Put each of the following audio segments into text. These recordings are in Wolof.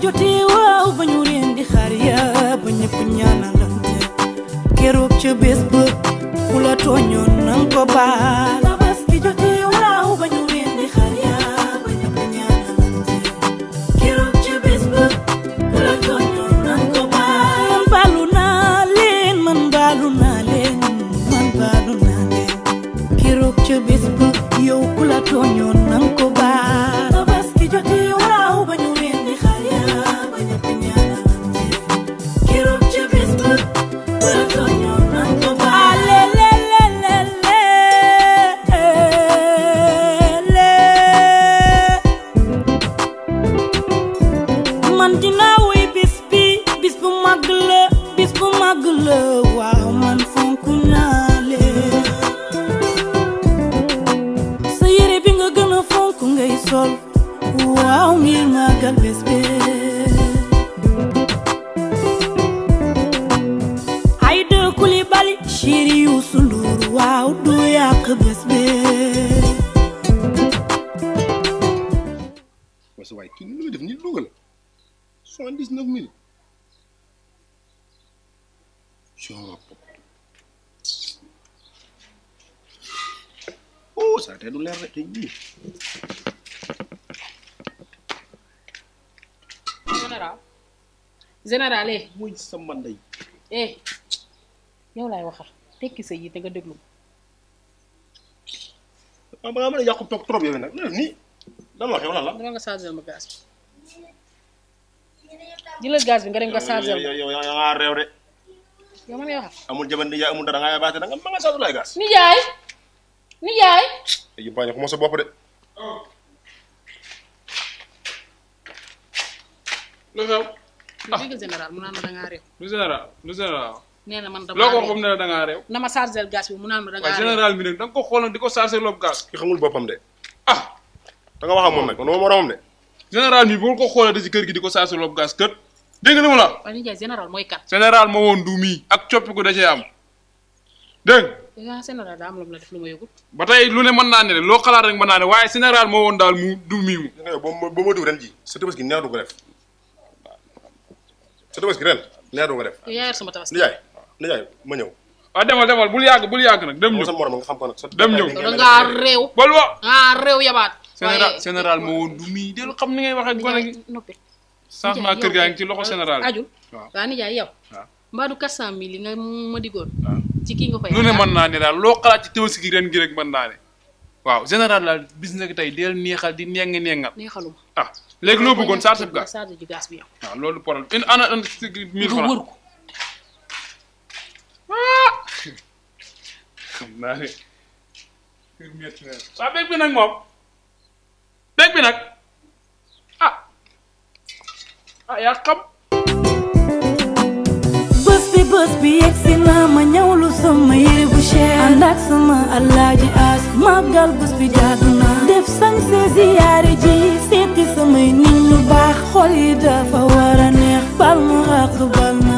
ci jotee waaw ba ñu leen di xaar yaa ba ñëpp ñaanalante keroog ca bés ba ku la tooñoon nan ko baal bas ci jotee waaw ba ñu leen di xaar yaa ba ñëpp ñaanalante keroog ca bés ba ku la tooñoon nan ko baal baalu naa leen man baalu naa leen man baalu naa leen keroog ca bés ba yow ku la tooñoon nan ko mooy sa waay kii nu muy def nii dugal soixante dix neuf mille oh saa tey du leer rek tey général général eh. muy sa mën day. eh yow waxal tekki sa yi te nga déglu. ah balaa ma ne yàqu toog trop yow nag nga chargé ma gaz bi. jëlal gaz bi nga dem nga chargé yaa réew de. yow man nijaay amul dara nga yabaate da nga ma nga chargé laay gaz. nijaay nijaay. yu baax ko ma bopp de. lu xew. ah lu général mu naan da ngaa réew. lu général nee na loo ko wax da ngaa réew. na ma ko xooloon di ko chargé loolu gaz. ki xamul boppam de. Ah! nag man moom moromam général mi boo ko xoolee ci kër gi di ko chargé loolu gaz kët. dégg nga li ma la wax. waaye général ak coppiku da cee am dégg lu mu la ba tey lu ne mën naa ne loo xalaat rek mën naa ne waaye sénéral moo woon daal mu du mii mu. ba ma diw ren ji sa tabaski neex du ko def sa tabaski ren neex du ko def. sama tabaski Ndiaye Ndiaye ma ñëw. waaw ah, demal demal bul yàgg bul yàgg nag dem ñëw sa morom nga xam ko nag. dem ñëw da ngaa réew. bal wa ah réew yabaat. waaye général moo du muy dellu xam ni ngay waxee gone gi. changement kër ngi ci loxo général bi. waaw waaw Ndiaye yow. waaw mbaa du 400 mille yi nga ma digoon. ci kii nga koy naa ne daal loo xalaat ci tabaski gi ren gi rek mën naa ne. waaw général la bis nag tey neexal di neeng neengal. neexaluma ah léegi loo bëggoon charge bi gas. charge bi gas bi yow. Ah, loolu problème une ana un mille xam naa ne na waaw beeg bi nag moom beeg nag ah ah yaa as màggal bës bi jaadu def sanse ziyaare ji seeti samay nit ñu baax xol yi dafa neex bal ma àq bal ma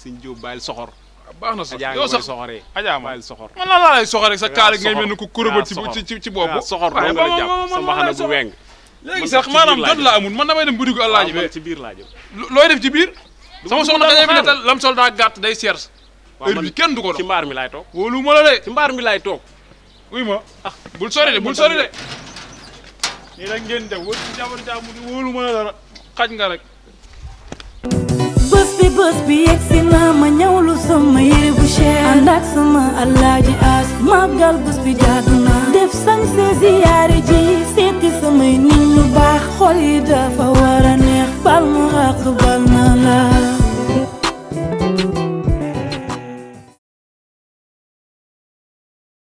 sëñ Diop bàyyil soxor. Ah, baax na sax yow sax Adja ma bàyyil soxor. man lan laa sa kaala ngay mel ni ku kuréel ci ci ci boobu. soxor doo nga la jàpp sa mbaxana bu weng. léegi sax maanaam jot la amul man damay ci biir laa jëm looy soxna dañuy fi nettal lam sol daa gàtt day seer heure bi kenn du ko dox ci mbaar mi laay toog ma la de ci mbaar mi laay toog uy ma ah bul sori de bul sori de nii la ngeen def wër ci jabar jaamu di wóolu ma dara xaj nga rek bi bës bi yegg si naa ma ñawlu sama yére bu cher ànd ak sama alaaji as màggal bës bi jaadu naa def sañ see ziyaare ji seeti samay nit ñu baax xol yi